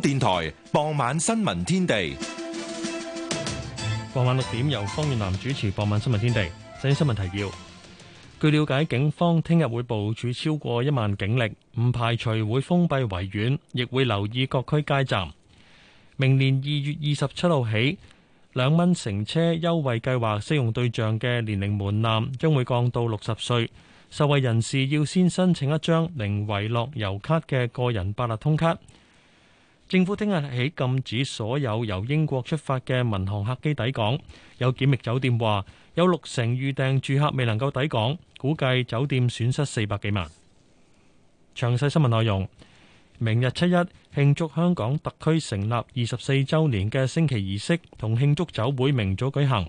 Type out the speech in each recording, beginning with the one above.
電台傍晚新聞天地，傍晚六點由方月南主持。傍晚新聞天地，首先新聞提要。據了解，警方聽日會部署超過一萬警力，唔排除會封閉維園，亦會留意各區街站。明年二月二十七號起，兩蚊乘車優惠計劃適用對象嘅年齡門檻將會降到六十歲，受惠人士要先申請一張零維樂游卡嘅個人八達通卡。政府聽日起禁止所有由英國出發嘅民航客機抵港。有檢疫酒店話，有六成預訂住客未能夠抵港，估計酒店損失四百幾萬。詳細新聞內容，明日七一慶祝香港特區成立二十四週年嘅升旗儀式同慶祝酒會明早舉行，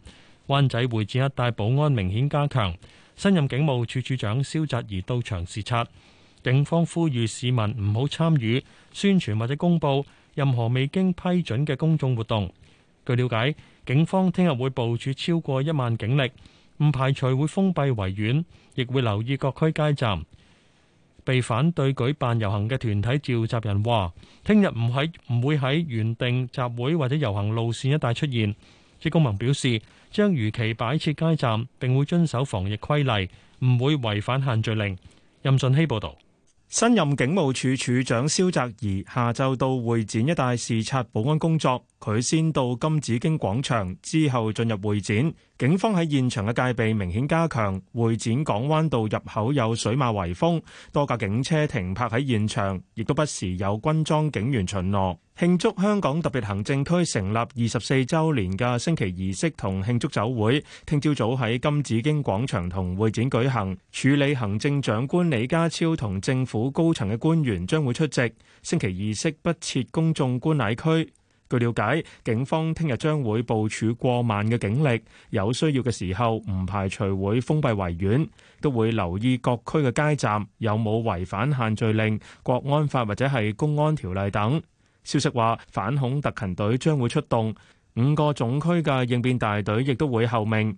灣仔會展一帶保安明顯加強，新任警務處處長蕭澤頤到場視察。警方呼籲市民唔好參與宣傳或者公佈任何未經批准嘅公眾活動。據了解，警方聽日會部署超過一萬警力，唔排除會封閉維園，亦會留意各區街站。被反對舉辦遊行嘅團體召集人話，聽日唔喺唔會喺原定集會或者遊行路線一帶出現。職工盟表示，將如期擺設街站，並會遵守防疫規例，唔會違反限聚令。任信希報導。新任警務處處長蕭澤頤下晝到會展一帶視察保安工作。佢先到金紫荊廣場，之後進入會展。警方喺現場嘅戒備明顯加強，會展港灣道入口有水馬圍封，多架警車停泊喺現場，亦都不時有軍裝警員巡邏，慶祝香港特別行政區成立二十四周年嘅升旗儀式同慶祝酒會聽朝早喺金紫荊廣場同會展舉行。處理行政長官李家超同政府高層嘅官員將會出席。升旗儀式不設公眾觀禮區。據了解，警方聽日將會部署過萬嘅警力，有需要嘅時候唔排除會封閉維園，都會留意各區嘅街站有冇違反限聚令、國安法或者係公安條例等。消息話，反恐特勤隊將會出動，五個總區嘅應變大隊亦都會候命。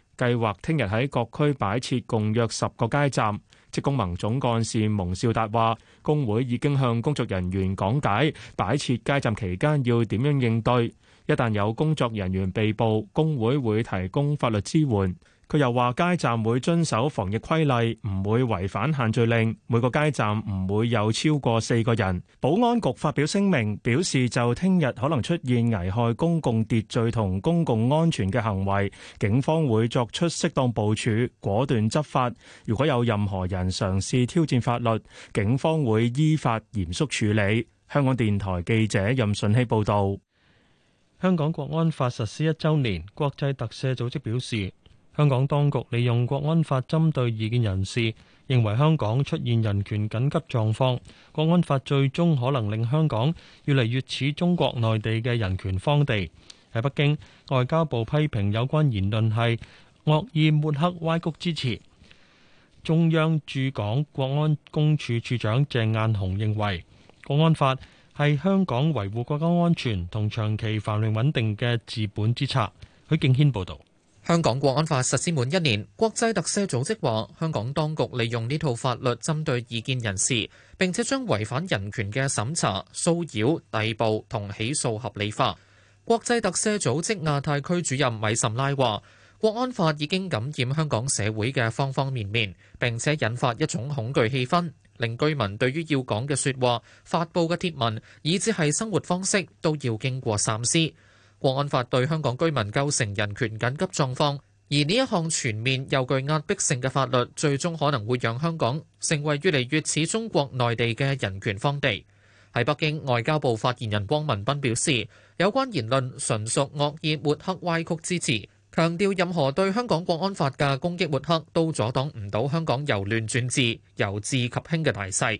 計劃聽日喺各區擺設共約十個街站，職工盟總幹事蒙兆達話，工會已經向工作人員講解，擺設街站期間要點樣應對。一旦有工作人員被捕，工會會提供法律支援。佢又話：街站會遵守防疫規例，唔會違反限聚令。每個街站唔會有超過四個人。保安局發表聲明表示，就聽日可能出現危害公共秩序同公共安全嘅行為，警方會作出適當部署，果斷執法。如果有任何人嘗試挑戰法律，警方會依法嚴肅處理。香港電台記者任順希報導。香港國安法實施一週年，國際特赦組織表示，香港當局利用國安法針對異見人士，認為香港出現人權緊急狀況。國安法最終可能令香港越嚟越似中國內地嘅人權荒地。喺北京，外交部批評有關言論係惡意抹黑歪曲之詞。中央駐港國安公署署長鄭雁雄認為，國安法係香港維護國家安全同長期繁榮穩定嘅治本之策。許敬軒報道。香港《國安法》實施滿一年，國際特赦組織話香港當局利用呢套法律針對異見人士，並且將違反人權嘅審查、騷擾、逮捕同起訴合理化。國際特赦組織亞太區主任米什拉話：國安法已經感染香港社會嘅方方面面，並且引發一種恐懼氣氛，令居民對於要講嘅說話、發佈嘅貼文，以至係生活方式，都要經過三思。國安法對香港居民構成人權緊急狀況，而呢一項全面又具壓迫性嘅法律，最終可能會讓香港成為越嚟越似中國內地嘅人權荒地。喺北京外交部發言人汪文斌表示，有關言論純屬惡意抹黑、歪曲之詞，強調任何對香港國安法嘅攻擊抹黑都阻擋唔到香港由亂轉治、由治及興嘅大勢。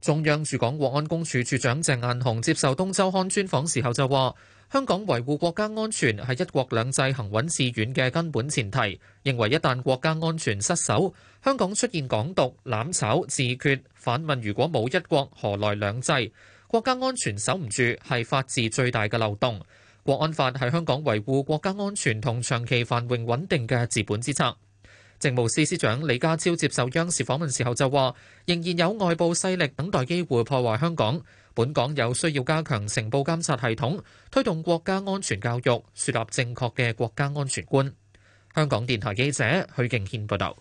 中央駐港國安公署署長鄭雁雄接受《東周刊》專訪時候就話：香港維護國家安全係一國兩制行穩致遠嘅根本前提。認為一旦國家安全失守，香港出現港獨、攬炒、自決，反問如果冇一國，何來兩制？國家安全守唔住係法治最大嘅漏洞。國安法係香港維護國家安全同長期繁榮穩定嘅治本之策。政務司司長李家超接受央視訪問時候就話，仍然有外部勢力等待機會破壞香港，本港有需要加強情報監察系統，推動國家安全教育，樹立正確嘅國家安全觀。香港電台記者許敬軒報道。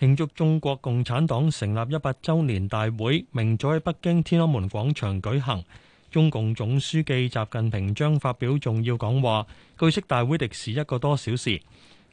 慶祝中國共產黨成立一百周年大會，明早喺北京天安門廣場舉行，中共總書記習近平將發表重要講話，據悉大會歷時一個多小時。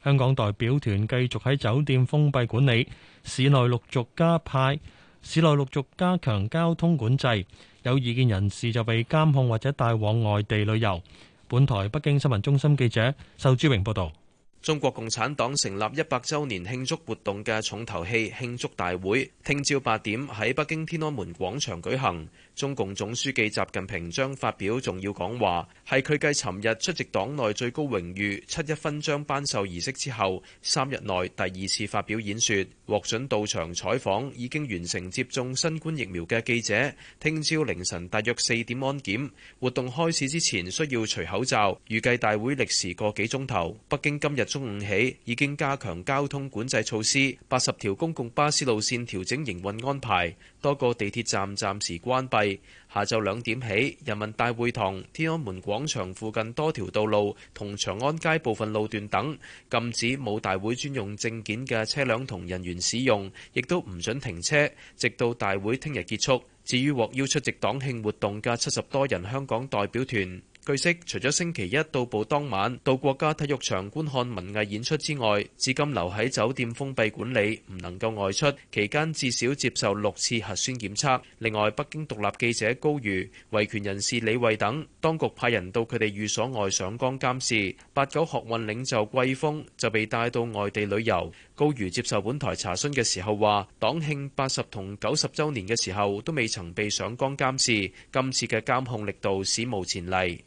香港代表團繼續喺酒店封閉管理，市內陸續加派，市內陸續加強交通管制。有異見人士就被監控或者帶往外地旅遊。本台北京新聞中心記者仇志榮報道，中國共產黨成立一百周年慶祝活動嘅重頭戲慶祝大會聽朝八點喺北京天安門廣場舉行。中共總書記習近平將發表重要講話，係佢繼尋日出席黨內最高榮譽七一勳章頒授儀式之後，三日內第二次發表演說。獲准到場採訪已經完成接種新冠疫苗嘅記者，聽朝凌晨大約四點安檢，活動開始之前需要除口罩。預計大會歷時個幾鐘頭。北京今日中午起已經加強交通管制措施，八十條公共巴士路線調整營運安排，多個地鐵站暫時關閉。下晝兩點起，人民大會堂、天安門廣場附近多條道路同長安街部分路段等，禁止冇大會專用證件嘅車輛同人員使用，亦都唔准停車，直到大會聽日結束。至於獲邀出席黨慶活動嘅七十多人香港代表團。據悉，除咗星期一到埗當晚到國家體育場觀看文藝演出之外，至今留喺酒店封閉管理，唔能夠外出。期間至少接受六次核酸檢測。另外，北京獨立記者高瑜、維權人士李慧等，當局派人到佢哋寓所外上崗監視。八九學運領袖季風就被帶到外地旅遊。高瑜接受本台查詢嘅時候話：黨慶八十同九十週年嘅時候都未曾被上崗監視，今次嘅監控力度史無前例。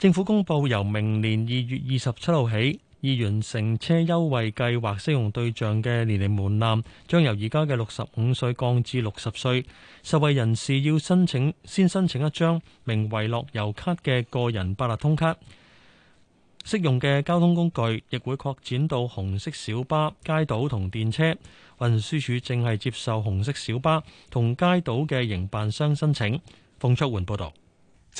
政府公布，由明年二月二十七號起，二元乘車優惠計劃適用對象嘅年齡門檻將由而家嘅六十五歲降至六十歲。受惠人士要申請，先申請一張名為樂悠卡嘅個人八達通卡。適用嘅交通工具亦會擴展到紅色小巴、街渡同電車。運輸署正係接受紅色小巴同街渡嘅營辦商申請。馮卓煥報道。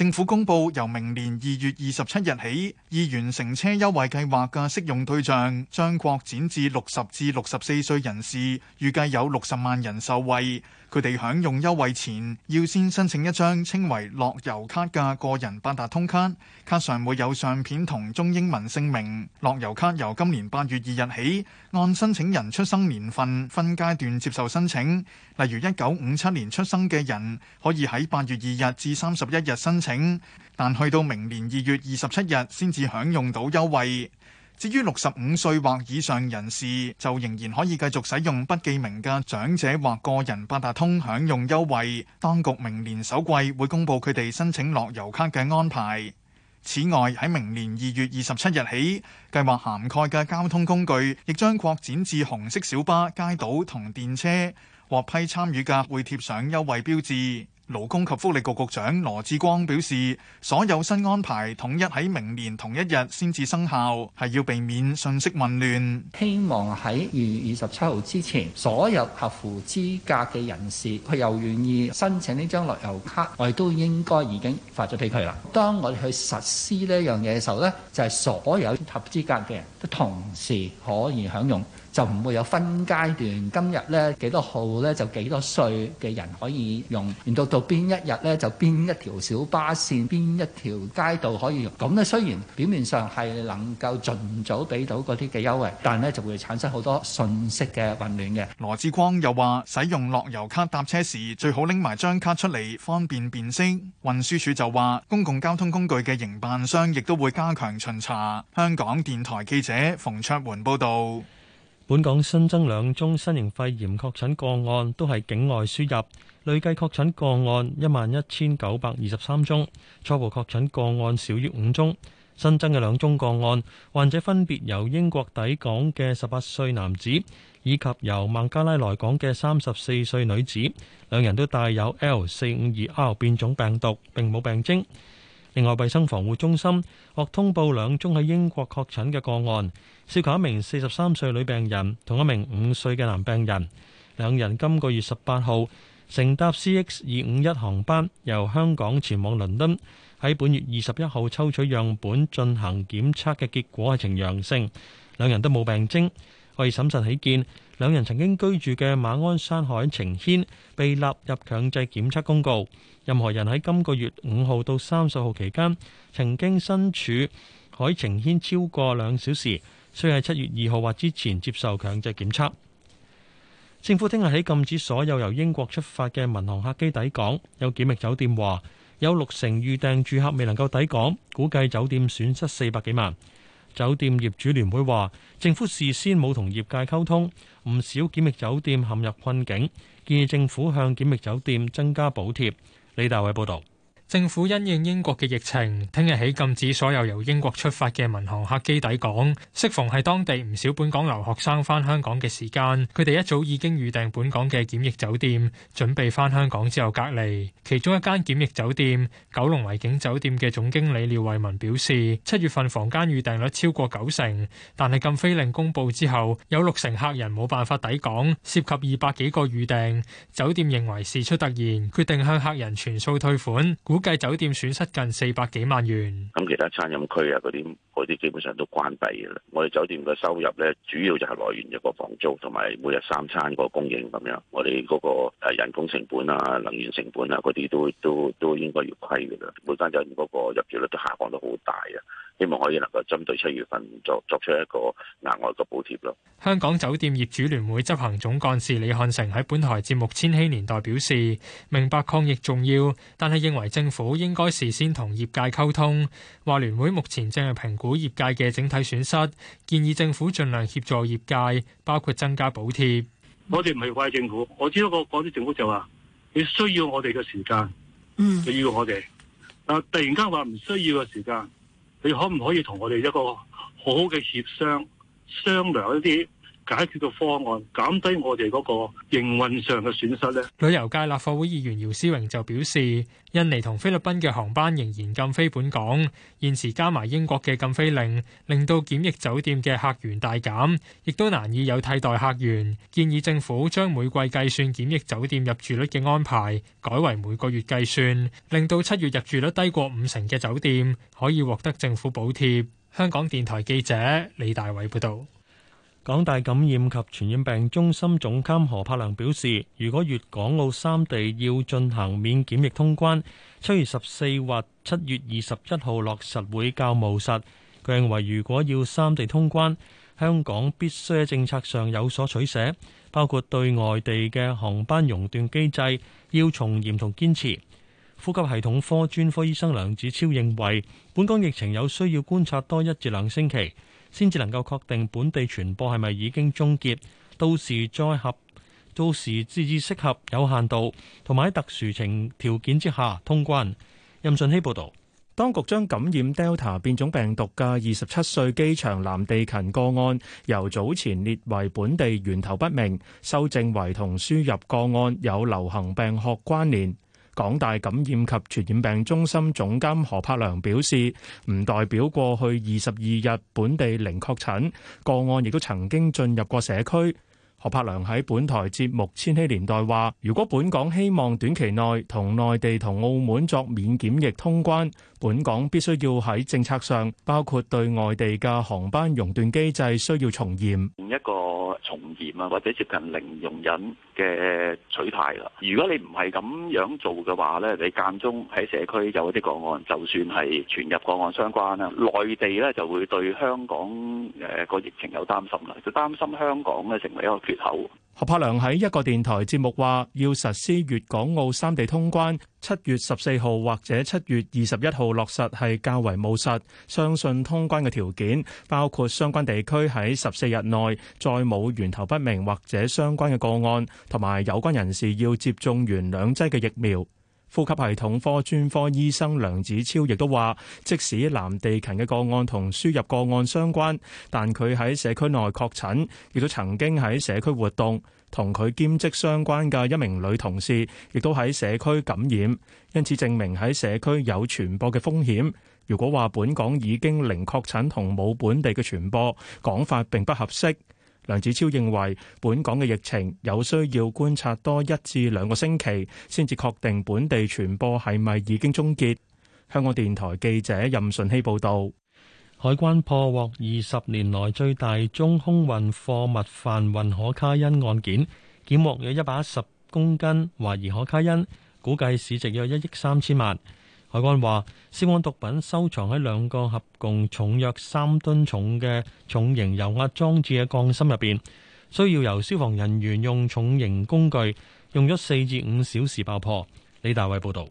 政府公布，由明年二月二十七日起，二元乘車優惠計劃嘅適用對象將擴展至六十至六十四歲人士，預計有六十萬人受惠。佢哋享用優惠前要先申請一張稱為樂遊卡嘅個人八達通卡，卡上會有相片同中英文姓名。樂遊卡由今年八月二日起，按申請人出生年份分階段接受申請。例如一九五七年出生嘅人可以喺八月二日至三十一日申請，但去到明年二月二十七日先至享用到優惠。至於六十五歲或以上人士，就仍然可以繼續使用不記名嘅長者或個人八達通享用優惠。當局明年首季會公布佢哋申請樂悠咭嘅安排。此外，喺明年二月二十七日起，計劃涵蓋嘅交通工具亦將擴展至紅色小巴、街渡同電車。獲批參與嘅會貼上優惠標誌。勞工及福利局局長羅致光表示，所有新安排統一喺明年同一日先至生效，係要避免信息混亂。希望喺二月二十七號之前，所有合乎資格嘅人士佢又願意申請呢張樂悠咭，我哋都應該已經發咗俾佢啦。當我哋去實施呢樣嘢嘅時候呢，就係所有合資格嘅人都同時可以享用。就唔會有分階段，今日咧幾多號咧就幾多歲嘅人可以用，然到到邊一日咧就邊一條小巴線、邊一條街道可以用。咁咧雖然表面上係能夠盡早俾到嗰啲嘅優惠，但咧就會產生好多信息嘅混亂嘅。羅志光又話：使用樂悠卡搭車時，最好拎埋張卡出嚟，方便辨識。運輸署就話公共交通工具嘅營辦商亦都會加強巡查。香港電台記者馮卓桓報導。本港新增兩宗新型肺炎確診個案，都係境外輸入，累計確診個案一萬一千九百二十三宗，初步確診個案少於五宗。新增嘅兩宗個案，患者分別由英國抵港嘅十八歲男子，以及由孟加拉來港嘅三十四歲女子，兩人都帶有 L 四五二 R 變種病毒，並冇病徵。另外，衞生防護中心獲通報兩宗喺英國確診嘅個案，涉及一名四十三歲女病人同一名五歲嘅男病人，兩人今個月十八號乘搭 CX 二五一航班由香港前往倫敦，喺本月二十一號抽取樣本進行檢測嘅結果係呈陽性，兩人都冇病徵。為審慎起見，兩人曾經居住嘅馬鞍山海晴軒被納入強制檢測公告，任何人喺今個月五號到三十號期間曾經身處海晴軒超過兩小時，需喺七月二號或之前接受強制檢測。政府聽日起禁止所有由英國出發嘅民航客機抵港。有檢疫酒店話，有六成預訂住客未能夠抵港，估計酒店損失四百幾萬。酒店業主聯會話：政府事先冇同業界溝通，唔少檢疫酒店陷入困境，建議政府向檢疫酒店增加補貼。李大衛報導。政府因應英國嘅疫情，聽日起禁止所有由英國出發嘅民航客機抵港。適逢係當地唔少本港留學生翻香港嘅時間，佢哋一早已經預訂本港嘅檢疫酒店，準備翻香港之後隔離。其中一間檢疫酒店——九龍維景酒店嘅總經理廖慧文表示，七月份房間預訂率超過九成，但係禁飛令公布之後，有六成客人冇辦法抵港，涉及二百幾個預訂。酒店認為事出突然，決定向客人全數退款。估估計酒店損失近四百幾萬元。咁其他餐飲區啊，嗰啲啲基本上都關閉嘅啦。我哋酒店嘅收入咧，主要就係來源一個房租同埋每日三餐個供應咁樣。我哋嗰個誒人工成本啊、能源成本啊，嗰啲都都都應該要虧嘅啦。每間酒店嗰個入住率都下降得好大啊。希望可以能夠針對七月份作作出一個額外嘅補貼咯。香港酒店業主聯會執行總幹事李漢成喺本台節目《千禧年代》表示，明白抗疫重要，但係認為政府應該事先同業界溝通。話聯會目前正係評估業界嘅整體損失，建議政府盡量協助業界，包括增加補貼。我哋唔係怪政府，我只不過嗰啲政府就話你需要我哋嘅時間，嗯，需要我哋，但係突然間話唔需要嘅時間。你可唔可以同我哋一個好好嘅協商、商量一啲？解決個方案，減低我哋嗰個營運上嘅損失咧。旅遊界立法會議員姚思榮就表示，印尼同菲律賓嘅航班仍然禁飛本港，現時加埋英國嘅禁飛令，令到檢疫酒店嘅客源大減，亦都難以有替代客源。建議政府將每季計算檢疫酒店入住率嘅安排，改為每個月計算，令到七月入住率低過五成嘅酒店，可以獲得政府補貼。香港電台記者李大偉報道。港大感染及傳染病中心總監何柏良表示，如果粵港澳三地要進行免檢疫通關，七月十四或七月二十一號落實會較務實。佢認為，如果要三地通關，香港必須喺政策上有所取捨，包括對外地嘅航班熔斷機制要從嚴同堅持。呼吸系統科專科醫生梁子超認為，本港疫情有需要觀察多一至兩星期。先至能夠確定本地傳播係咪已經終結，到時再合，到時至至適合有限度，同埋喺特殊情條件之下通關。任順希報導，當局將感染 Delta 變種病毒嘅二十七歲機場男地勤個案由早前列為本地源頭不明，修正為同輸入個案有流行病學關聯。港大感染及傳染病中心總監何柏良表示，唔代表過去二十二日本地零確診，個案亦都曾經進入過社區。何柏良喺本台節目《千禧年代》話，如果本港希望短期內同內地同澳門作免檢疫通關，本港必須要喺政策上，包括對外地嘅航班熔斷機制需要從嚴。從嚴啊，或者接近零容忍嘅取態啦。如果你唔係咁樣做嘅話呢，你間中喺社區有一啲個案，就算係傳入個案相關啦，內地呢就會對香港誒個疫情有擔心啦，就擔心香港呢成為一個缺口。何柏良喺一個電台節目話，要實施粵港澳三地通關，七月十四號或者七月二十一號落實係較為務實。相信通關嘅條件包括相關地區喺十四日內再冇源頭不明或者相關嘅個案，同埋有關人士要接種完兩劑嘅疫苗。呼吸系統科專科醫生梁子超亦都話，即使藍地勤嘅個案同輸入個案相關，但佢喺社區內確診亦都曾經喺社區活動，同佢兼職相關嘅一名女同事亦都喺社區感染，因此證明喺社區有傳播嘅風險，如果話本港已經零確診同冇本地嘅傳播，講法並不合適。梁子超認為，本港嘅疫情有需要觀察多一至兩個星期，先至確定本地傳播係咪已經終結。香港電台記者任順熙報道：海關破獲二十年來最大中空運貨物販運可卡因案件，檢獲約一百一十公斤懷疑可卡因，估計市值約一億三千萬。海關話，涉案毒品收藏喺兩個合共重約三噸重嘅重型油壓裝置嘅鋼芯入邊，需要由消防人員用重型工具，用咗四至五小時爆破。李大偉報道。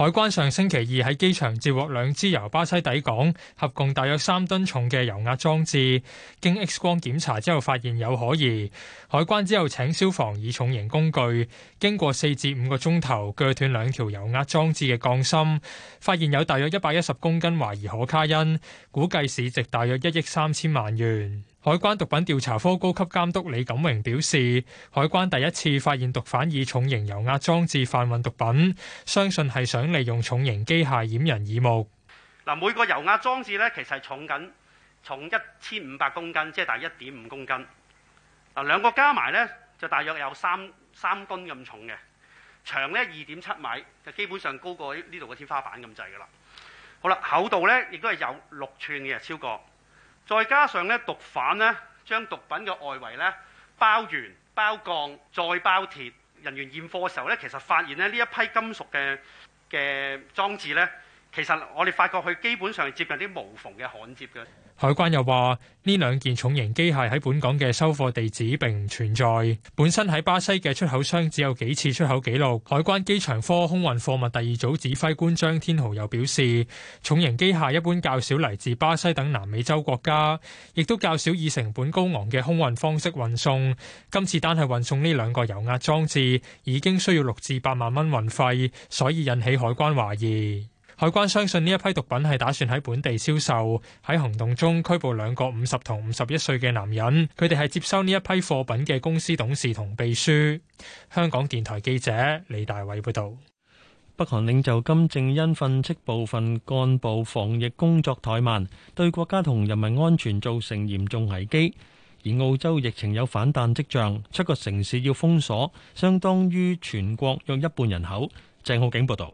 海關上星期二喺機場截獲兩支由巴西抵港，合共大約三噸重嘅油壓裝置，經 X 光檢查之後發現有可疑。海關之後請消防以重型工具經過四至五個鐘頭鋸斷兩條油壓裝置嘅鋼芯，發現有大約一百一十公斤懷疑可卡因，估計市值大約一億三千萬元。海關毒品調查科高級監督李錦榮表示，海關第一次發現毒販以重型油壓裝置販運毒品，相信係想利用重型機械掩人耳目。嗱，每個油壓裝置咧，其實重緊重一千五百公斤，即係大一點五公斤。嗱，兩個加埋呢，就大約有三三噸咁重嘅，長呢，二點七米，就基本上高過呢度嘅天花板咁滯噶啦。好啦，厚度呢亦都係有六寸嘅，超過。再加上咧，毒販咧將毒品嘅外圍咧包鉛、包鋼、再包鐵。人員驗貨嘅時候咧，其實發現咧呢一批金屬嘅嘅裝置咧，其實我哋發覺佢基本上接近啲無縫嘅焊接嘅。海關又話：呢兩件重型機械喺本港嘅收貨地址並唔存在，本身喺巴西嘅出口商只有幾次出口記錄。海關機場科空運貨物第二組指揮官張天豪又表示，重型機械一般較少嚟自巴西等南美洲國家，亦都較少以成本高昂嘅空運方式運送。今次單係運送呢兩個油壓裝置，已經需要六至八萬蚊運費，所以引起海關懷疑。海關相信呢一批毒品係打算喺本地銷售。喺行動中拘捕兩個五十同五十一歲嘅男人，佢哋係接收呢一批貨品嘅公司董事同秘書。香港電台記者李大偉報導。北韓領袖金正恩訓斥部分幹部防疫工作怠慢，對國家同人民安全造成嚴重危機。而澳洲疫情有反彈跡象，七個城市要封鎖，相當於全國約一半人口。鄭浩景報導。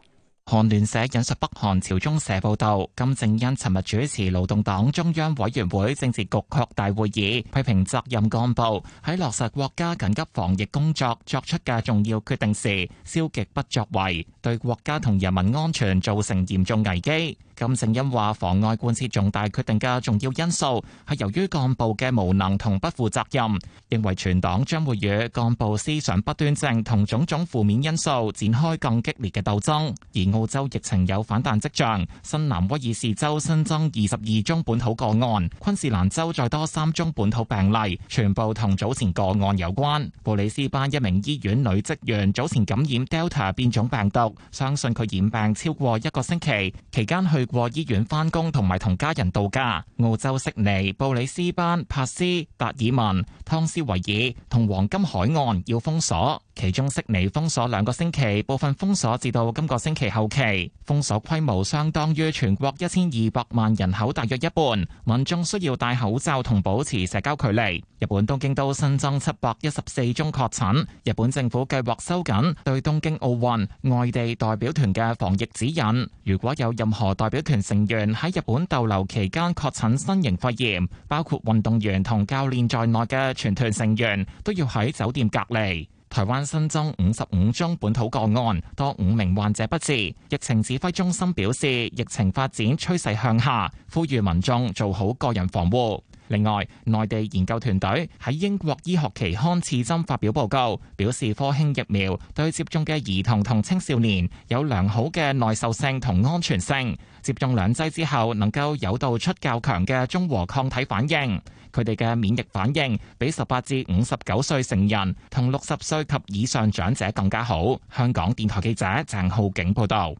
韓聯社引述北韓朝中社報道，金正恩尋日主持勞動黨中央委員會政治局擴大會議，批評責任幹部喺落實國家緊急防疫工作作出嘅重要決定時，消極不作為，對國家同人民安全造成嚴重危機。金正恩話妨礙貫徹重大決定嘅重要因素，係由於幹部嘅無能同不負責任，認為全黨將會與幹部思想不端正同種種負面因素展開更激烈嘅鬥爭。而澳洲疫情有反彈迹象，新南威爾士州新增二十二宗本土個案，昆士蘭州再多三宗本土病例，全部同早前個案有關。布里斯班一名醫院女職員早前感染 Delta 變種病毒，相信佢染病超過一個星期，期間去。和醫院返工同埋同家人度假，澳洲悉尼、布里斯班、帕斯、達爾文、湯斯維爾同黃金海岸要封鎖。其中悉尼封鎖兩個星期，部分封鎖至到今個星期後期。封鎖規模相當於全國一千二百萬人口大約一半。民眾需要戴口罩同保持社交距離。日本東京都新增七百一十四宗確診。日本政府計劃收緊對東京奧運外地代表團嘅防疫指引。如果有任何代表團成員喺日本逗留期間確診新型肺炎，包括運動員同教練在內嘅全團成員都要喺酒店隔離。台灣新增五十五宗本土個案，多五名患者不治。疫情指揮中心表示，疫情發展趨勢向下，呼籲民眾做好個人防護。另外，內地研究團隊喺英國醫學期刊《刺針》發表報告，表示科興疫苗對接種嘅兒童同青少年有良好嘅耐受性同安全性，接種兩劑之後能夠誘導出較強嘅中和抗體反應。佢哋嘅免疫反應比十八至五十九歲成人同六十歲及以上長者更加好。香港電台記者鄭浩景報道。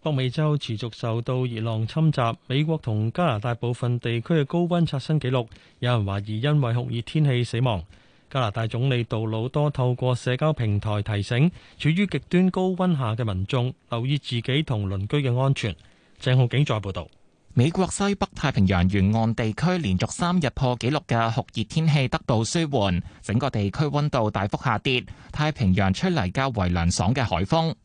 北美洲持續受到熱浪侵襲，美國同加拿大部分地區嘅高溫刷新紀錄，有人懷疑因為酷熱天氣死亡。加拿大總理杜魯多透過社交平台提醒，處於極端高溫下嘅民眾留意自己同鄰居嘅安全。鄭浩景再報道。美國西北太平洋沿岸地區連續三日破紀錄嘅酷熱天氣得到舒緩，整個地區温度大幅下跌，太平洋吹嚟較為涼爽嘅海風。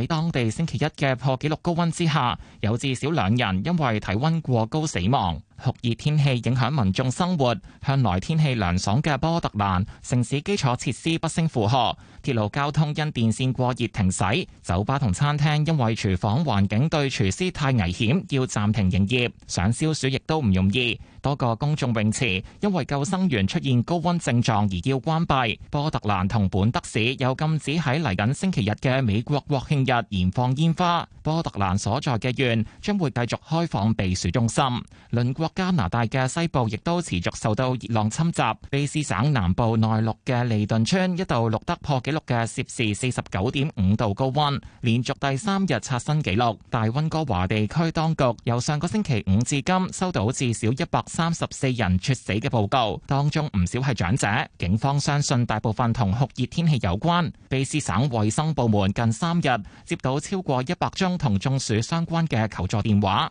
喺當地星期一嘅破紀錄高溫之下，有至少兩人因為體溫過高死亡。酷熱天氣影響民眾生活，向來天氣涼爽嘅波特蘭城市基礎設施不勝負荷，鐵路交通因電線過熱停駛，酒吧同餐廳因為廚房環境對廚師太危險，要暫停營業，想消暑亦都唔容易。多個公眾泳池因為救生員出現高溫症狀而要關閉。波特蘭同本德市又禁止喺嚟緊星期日嘅美國國慶日燃放煙花。波特蘭所在嘅縣將會繼續開放避暑中心，鄰國，加拿大嘅西部亦都持續受到熱浪侵襲，卑詩省南部內陸嘅利頓村一度錄得破紀錄嘅攝氏四十九點五度高温，連續第三日刷新紀錄。大温哥華地區當局由上個星期五至今收到至少一百三十四人猝死嘅報告，當中唔少係長者。警方相信大部分同酷熱天氣有關。卑詩省衛生部門近三日接到超過一百宗同中暑相關嘅求助電話。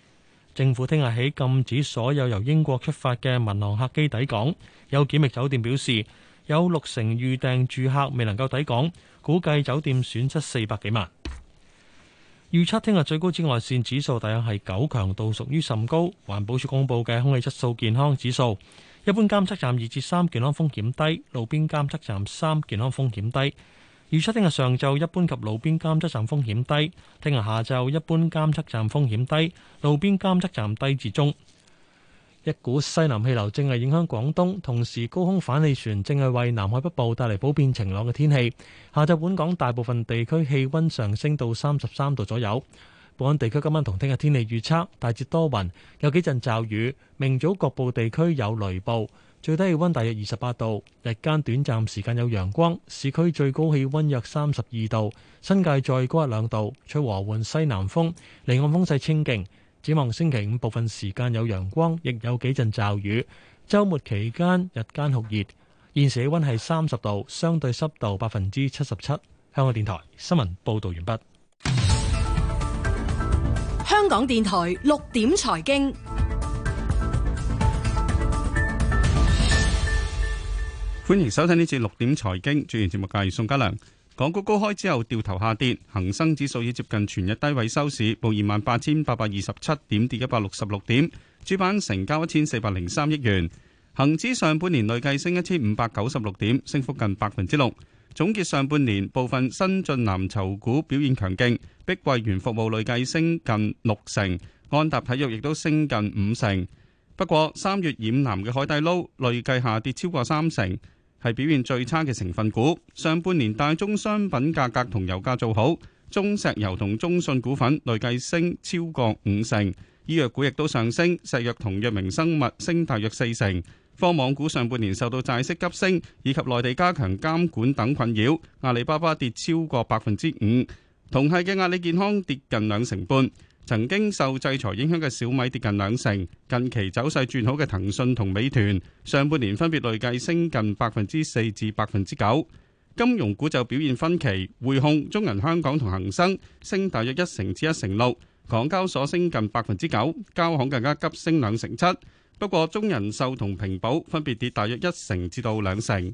政府聽日起禁止所有由英國出發嘅民航客機抵港。有檢疫酒店表示，有六成預訂住客未能夠抵港，估計酒店損失四百幾萬。預測聽日最高紫外線指數大約係九，強度，屬於甚高。環保署公布嘅空氣質素健康指數，一般監測站二至三，健康風險低，路邊監測站三，健康風險低。預測聽日上晝一般及路邊監測站風險低，聽日下晝一般監測站風險低，路邊監測站低至中。一股西南氣流正係影響廣東，同時高空反氣旋正係為南海北部帶嚟普遍晴朗嘅天氣。下晝本港大部分地區氣温上升到三十三度左右。本港地區今晚同聽日天氣預測大致多雲，有幾陣驟雨，明早局部地區有雷暴。最低氣溫大約二十八度，日間短暫時間有陽光，市區最高氣溫約三十二度，新界再高一兩度，吹和緩西南風，離岸風勢清勁。展望星期五部分時間有陽光，亦有幾陣驟雨。周末期間日間酷熱，現時氣溫係三十度，相對濕度百分之七十七。香港電台新聞報道完畢。香港電台六點財經。歡迎收睇呢次六點財經。主持人節目嘅係宋家良。港股高開之後掉頭下跌，恒生指數已接近全日低位收市，報二萬八千八百二十七點，跌一百六十六點。主板成交一千四百零三億元。恒指上半年累計升一千五百九十六點，升幅近百分之六。總結上半年，部分新晉藍籌股表現強勁，碧桂園服務累計升近六成，安踏體育亦都升近五成。不過，三月染藍嘅海底撈累計下跌超過三成。係表現最差嘅成分股。上半年大宗商品價格同油價做好，中石油同中信股份累計升超過五成。醫藥股亦都上升，石藥同藥明生物升大約四成。科網股上半年受到債息急升以及內地加強監管等困擾，阿里巴巴跌超過百分之五，同係嘅阿里健康跌近兩成半。曾經受制裁影響嘅小米跌近兩成，近期走勢轉好嘅騰訊同美團，上半年分別累計升近百分之四至百分之九。金融股就表現分歧，匯控、中銀香港同恒生升大約一成至一成六，港交所升近百分之九，交行更加急升兩成七。不過，中人壽同平保分別跌大約一成至到兩成。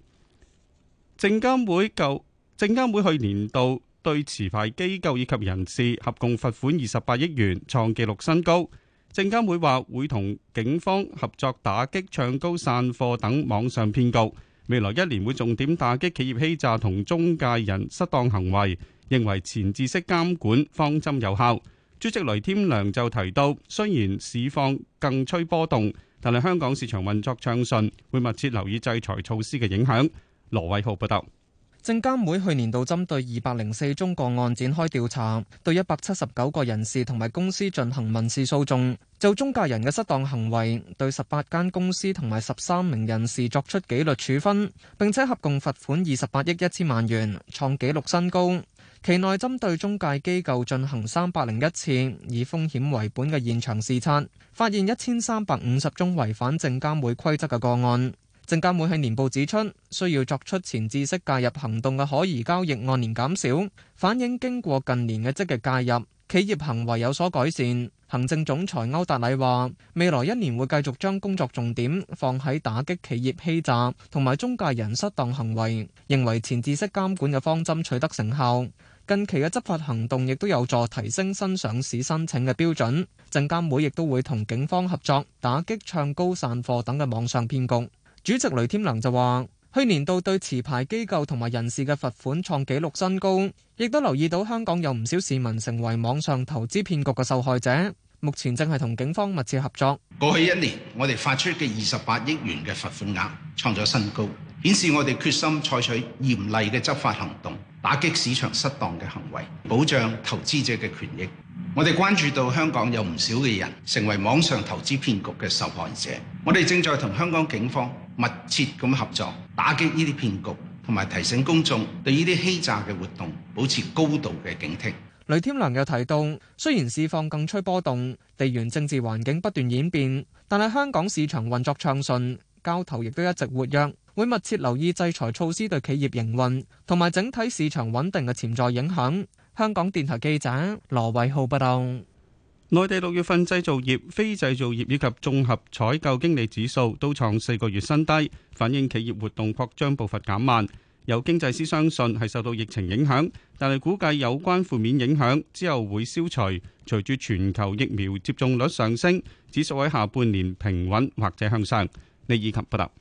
證監會就，證監會去年度。對持牌機構以及人士合共罰款二十八億元，創紀錄新高。證監會話會同警方合作打擊唱高散貨等網上騙局，未來一年會重點打擊企業欺詐同中介人失當行為，認為前置式監管方針有效。主席雷添良就提到，雖然市況更趨波動，但係香港市場運作暢順，會密切留意制裁措施嘅影響。羅偉浩報道。證監會去年度針對二百零四宗個案展開調查，對一百七十九個人士同埋公司進行民事訴訟，就中介人嘅失當行為，對十八間公司同埋十三名人士作出紀律處分，並且合共罰款二十八億一千萬元，創紀錄新高。期內針對中介機構進行三百零一次以風險為本嘅現場視察，發現一千三百五十宗違反證監會規則嘅個案。證監會喺年報指出，需要作出前置式介入行動嘅可疑交易按年減少，反映經過近年嘅積極介入，企業行為有所改善。行政總裁歐達禮話，未來一年會繼續將工作重點放喺打擊企業欺詐同埋中介人失當行為，認為前置式監管嘅方針取得成效。近期嘅執法行動亦都有助提升新上市申請嘅標準。證監會亦都會同警方合作，打擊唱高散貨等嘅網上騙局。主席雷添良就話：去年度對持牌機構同埋人士嘅罰款創紀錄新高，亦都留意到香港有唔少市民成為網上投資騙局嘅受害者。目前正係同警方密切合作。過去一年，我哋發出嘅二十八億元嘅罰款額創咗新高，顯示我哋決心採取嚴厲嘅執法行動，打擊市場失當嘅行為，保障投資者嘅權益。我哋關注到香港有唔少嘅人成為網上投資騙局嘅受害者，我哋正在同香港警方。密切咁合作，打擊呢啲騙局，同埋提醒公眾對呢啲欺詐嘅活動保持高度嘅警惕。雷添良又提到，雖然市況更趨波動，地緣政治環境不斷演變，但係香港市場運作暢順，交投亦都一直活躍。會密切留意制裁措施對企業營運同埋整體市場穩定嘅潛在影響。香港電台記者羅偉浩報道。內地六月份製造業、非製造業以及綜合採購經理指數都創四個月新低，反映企業活動擴張步伐減慢。有經濟師相信係受到疫情影響，但係估計有關負面影響之後會消除，隨住全球疫苗接種率上升，指數喺下半年平穩或者向上。李以琴報道。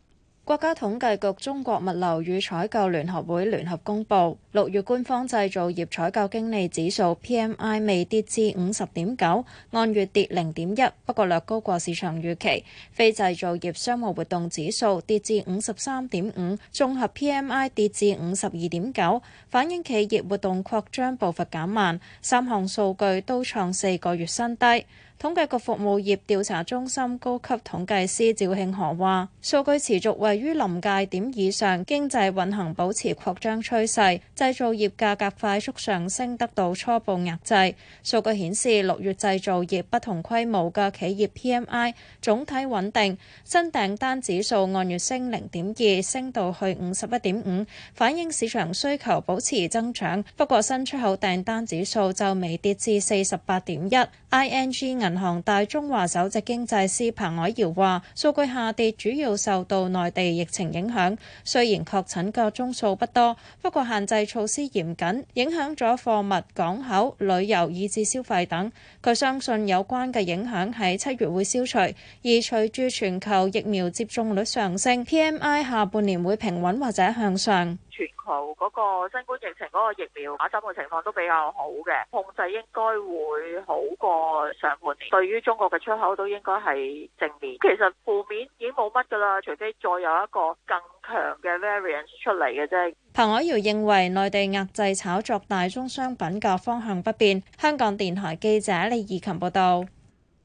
國家統計局、中國物流與採購聯合會聯合公佈，六月官方製造業採購經理指數 PMI 微跌至五十點九，按月跌零點一，不過略高過市場預期。非製造業商務活動指數跌至五十三點五，綜合 PMI 跌至五十二點九，反映企業活動擴張步伐減慢，三項數據都創四個月新低。統計局服務業調查中心高級統計師趙慶河話：數據持續位於臨界點以上，經濟運行保持擴張趨勢。製造業價格快速上升得到初步壓制。數據顯示，六月製造業不同規模嘅企業 PMI 總體穩定，新訂單指數按月升零點二，升到去五十一點五，反映市場需求保持增長。不過，新出口訂單指數就微跌至四十八點一，ING。IN 銀行大中華首席經濟師彭凱堯話，數據下跌主要受到內地疫情影響，雖然確診個宗數不多，不過限制措施嚴謹，影響咗貨物、港口、旅遊以至消費等。佢相信有關嘅影響喺七月會消除，而隨住全球疫苗接種率上升，PMI 下半年會平穩或者向上。全球嗰個新冠疫情嗰個疫苗打針嘅情況都比較好嘅控制，應該會好過上半年。對於中國嘅出口都應該係正面。其實負面已經冇乜噶啦，除非再有一個更強嘅 variant 出嚟嘅啫。彭海瑤認為，內地壓制炒作大宗商品嘅方向不變。香港電台記者李怡琴報道。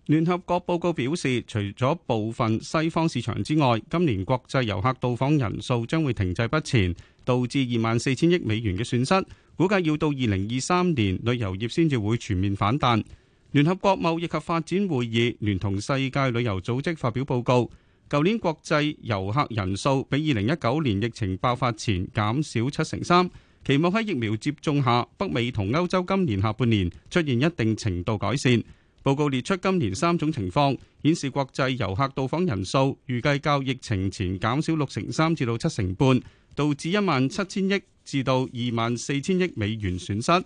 聯合國報告表示，除咗部分西方市場之外，今年國際遊客到訪人數將會停滯不前。導致二萬四千億美元嘅損失，估計要到二零二三年旅遊業先至會全面反彈。聯合國貿易及發展會議聯同世界旅遊組織發表報告，舊年國際遊客人數比二零一九年疫情爆發前減少七成三，期望喺疫苗接種下，北美同歐洲今年下半年出現一定程度改善。報告列出今年三種情況，顯示國際遊客到訪人數預計較疫情前減少六成三至到七成半，導致一萬七千億至到二萬四千億美元損失。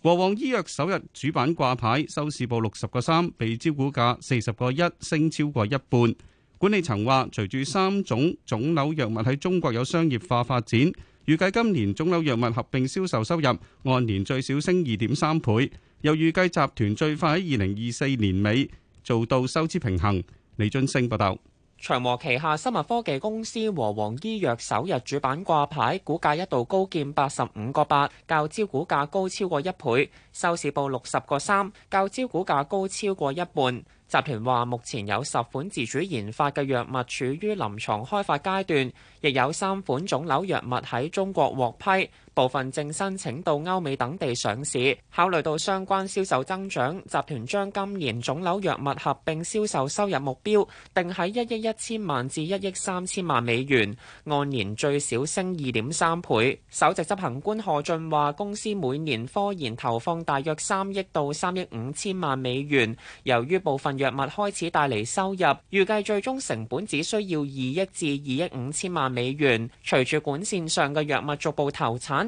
和黃醫藥首日主板掛牌，收市報六十個三，比招股價四十個一，升超過一半。管理層話，隨住三種腫瘤藥物喺中國有商業化發展，預計今年腫瘤藥物合併銷售收入按年最少升二點三倍。又預計集團最快喺二零二四年尾做到收支平衡。李津升報道，長和旗下生物科技公司和黃醫藥首日主板掛牌，股價一度高見八十五個八，較招股價高超過一倍，收市報六十個三，較招股價高超過一半。集團話，目前有十款自主研發嘅藥物處於臨床開發階段，亦有三款腫瘤藥物喺中國獲批。部分正申請到歐美等地上市。考慮到相關銷售增長，集團將今年腫瘤藥物合併銷售收入目標定喺一億一千萬至一億三千萬美元，按年最少升二點三倍。首席執行官何俊話：公司每年科研投放大約三億到三億五千萬美元。由於部分藥物開始帶嚟收入，預計最終成本只需要二億至二億五千萬美元。隨住管線上嘅藥物逐步投產。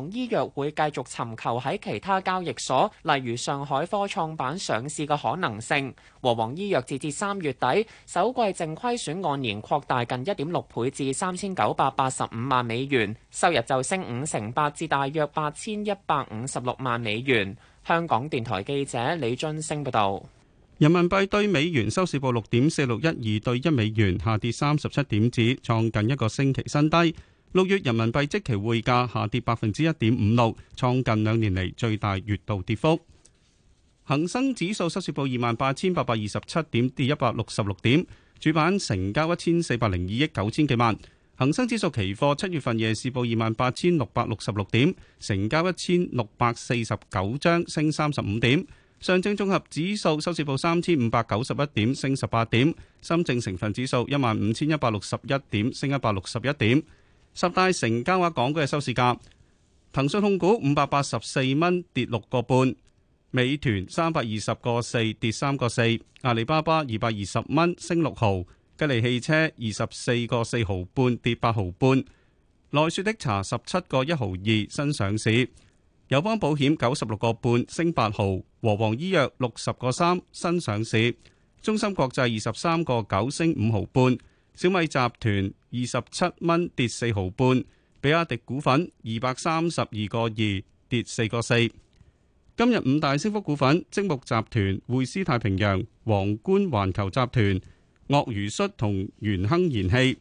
黃醫藥會繼續尋求喺其他交易所，例如上海科創板上市嘅可能性。和黃醫藥截至三月底，首季淨虧損按年擴大近一點六倍至三千九百八十五萬美元，收入就升五成八至大約八千一百五十六萬美元。香港電台記者李津升報道。人民幣對美元收市報六點四六一二對一美元，下跌三十七點子，創近一個星期新低。六月人民幣即期匯價下跌百分之一點五六，創近兩年嚟最大月度跌幅。恒生指數收市報二萬八千八百二十七點，跌一百六十六點。主板成交一千四百零二億九千幾萬。恒生指數期貨七月份夜市報二萬八千六百六十六點，成交一千六百四十九張，升三十五點。上證綜合指數收市報三千五百九十一點，升十八點。深證成分指數一萬五千一百六十一點，升一百六十一點。十大成交額港股嘅收市價：騰訊控股五百八十四蚊跌六個半，美團三百二十個四跌三個四，阿里巴巴二百二十蚊升六毫，吉利汽車二十四個四毫半跌八毫半，奈雪的茶十七個一毫二新上市，友邦保險九十六個半升八毫，和黃醫藥六十個三新上市，中芯國際二十三個九升五毫半。小米集團二十七蚊跌四毫半，比亞迪股份二百三十二個二跌四個四。今日五大升幅股份：積木集團、匯思太平洋、皇冠環球集團、鱷魚恤同元亨燃氣。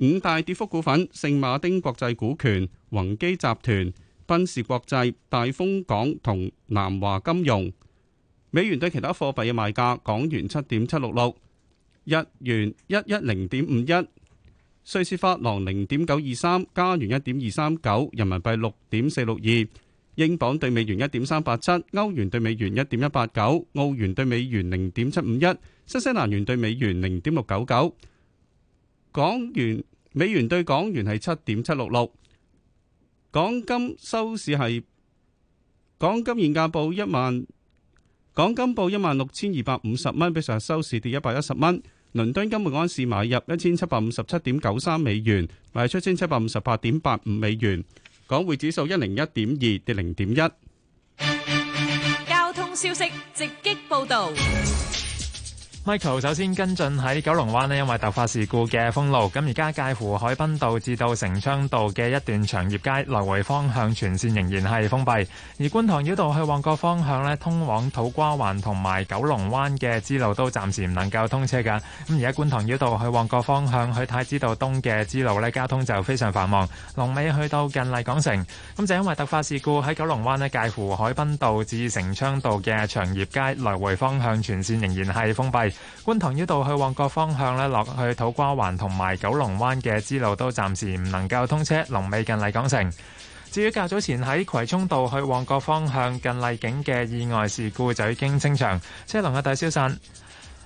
五大跌幅股份：聖馬丁國際股權、宏基集團、賓士國際、大豐港同南華金融。美元對其他貨幣嘅賣價：港元七點七六六。日元一一零點五一，瑞士法郎零點九二三，加元一點二三九，人民幣六點四六二，英鎊兌美元一點三八七，歐元兌美元一點一八九，澳元兌美元零點七五一，新西蘭元兌美元零點六九九，港元美元兌港元係七點七六六，港金收市係港金現價報一萬。港金報一萬六千二百五十蚊，比上日收市跌一百一十蚊。倫敦金每盎司買入一千七百五十七點九三美元，賣出一千七百五十八點八五美元。港匯指數一零一點二，跌零點一。交通消息直擊報道。Michael 首先跟進喺九龍灣呢，因為突發事故嘅封路，咁而家介乎海濱道至到城昌道嘅一段長業街來回方向全線仍然係封閉，而觀塘繞道去旺角方向呢，通往土瓜灣同埋九龍灣嘅支路都暫時唔能夠通車嘅。咁而家觀塘繞道去旺角方向去太子道東嘅支路呢，交通就非常繁忙。龍尾去到近麗港城，咁就因為突發事故喺九龍灣呢，介乎海濱道至城昌道嘅長業街來回方向全線仍然係封閉。觀塘繞道去旺角方向咧，落去土瓜灣同埋九龍灣嘅支路都暫時唔能夠通車。龍尾近麗港城。至於較早前喺葵涌道去旺角方向近麗景嘅意外事故就已經清場，車龍亦都消散。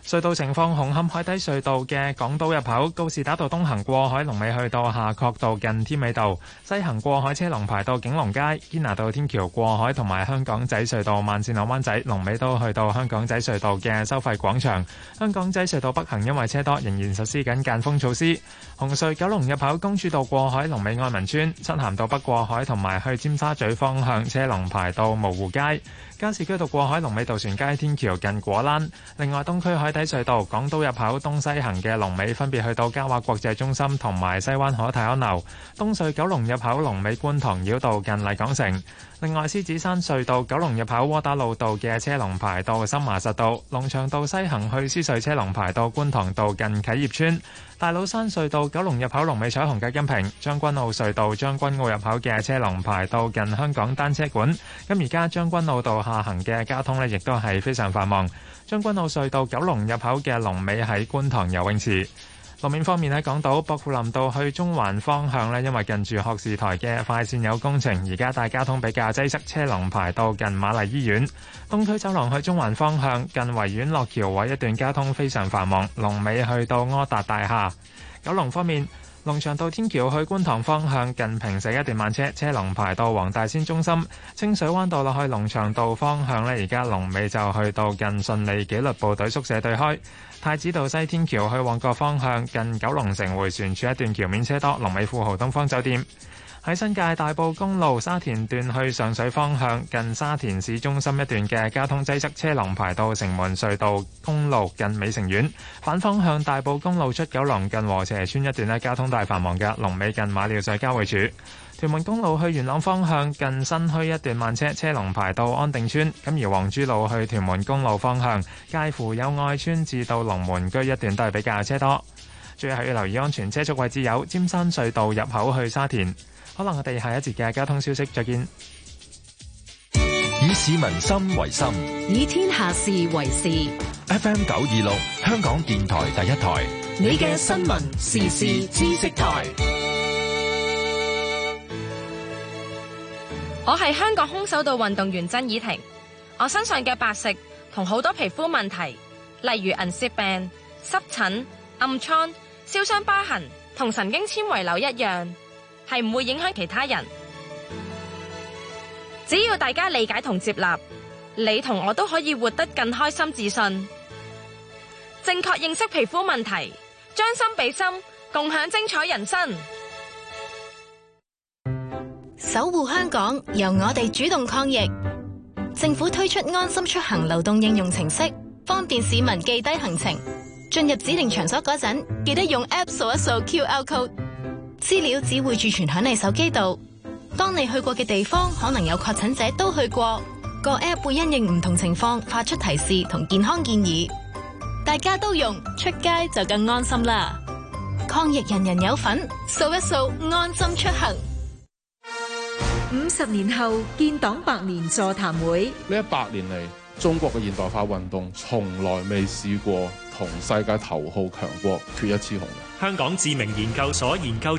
隧道情況：紅磡海底隧道嘅港島入口，告士打道東行過海龍尾去到夏慤道近添美道；西行過海車龍排到景隆街，堅拿道天橋過海同埋香港仔隧道慢線，灣仔龍尾都去到香港仔隧道嘅收費廣場。香港仔隧道北行因為車多，仍然實施緊間封措施。紅隧九龍入口公主道過海龍尾愛民村，漆咸道北過海同埋去尖沙咀方向車龍排到蕪湖街。加士居道過海龍尾渡船街天橋近果欄，另外東區海底隧道港島入口東西行嘅龍尾分別去到嘉華國際中心同埋西灣河太安樓，東隧九龍入口龍尾觀塘繞道近麗港城，另外獅子山隧道九龍入口窩打老道嘅車龍排到森麻實道，龍翔道西行去獅隧車龍排到觀塘道近啟業村。大老山隧道九龍入口龍尾彩虹隔音屏，將軍澳隧道將軍澳入口嘅車龍排到近香港單車館，咁而家將軍澳道下行嘅交通呢，亦都係非常繁忙。將軍澳隧道九龍入口嘅龍尾喺觀塘游泳池。路面方面咧，港島薄扶林道去中環方向呢，因為近住學士台嘅快線有工程，而家大交通比較擠塞，車龍排到近瑪麗醫院。東區走廊去中環方向，近維園落橋位一段交通非常繁忙，龍尾去到柯達大廈。九龍方面。龍翔道天橋去觀塘方向，近平石一段慢車，車龍排到黃大仙中心。清水灣道落去龍翔道方向呢，而家龍尾就去到近順利紀律部隊宿舍對開。太子道西天橋去旺角方向，近九龍城回旋處一段橋面車多，龍尾富豪東方酒店。喺新界大埔公路沙田段去上水方向，近沙田市中心一段嘅交通擠塞，車龍排到城門隧道公路近美城苑；反方向大埔公路出九龍近禾輋村一段呢，交通大繁忙嘅龍尾近馬料水交匯處。屯門公路去元朗方向近新墟一段慢車，車龍排到安定村。咁而黃珠路去屯門公路方向，介乎友愛村至到龍門居一段都係比較車多。最後要留意安全車速位置有尖山隧道入口去沙田。可能我哋下一節嘅交通消息再見。以市民心為心，以天下事為事。F M 九二六香港電台第一台，你嘅新聞時事知識台。我係香港空手道運動員曾以婷，我身上嘅白色，同好多皮膚問題，例如銀屑病、濕疹、暗瘡、燒傷疤痕同神經纖維瘤一樣。係唔會影響其他人，只要大家理解同接納，你同我都可以活得更開心自信。正確認識皮膚問題，將心比心，共享精彩人生。守護香港，由我哋主動抗疫。政府推出安心出行流動應用程式，方便市民記低行程。進入指定場所嗰陣，記得用 App 掃一掃 QR code。資料只會儲存響你手機度。當你去過嘅地方可能有確診者都去過，個 App 會因應唔同情況發出提示同健康建議。大家都用，出街就更安心啦。抗疫人人有份，掃一掃安心出行。五十年後建黨百年座談會。呢一百年嚟，中國嘅現代化運動從來未試過同世界頭號強國決一雌雄。香港知名研究所研究。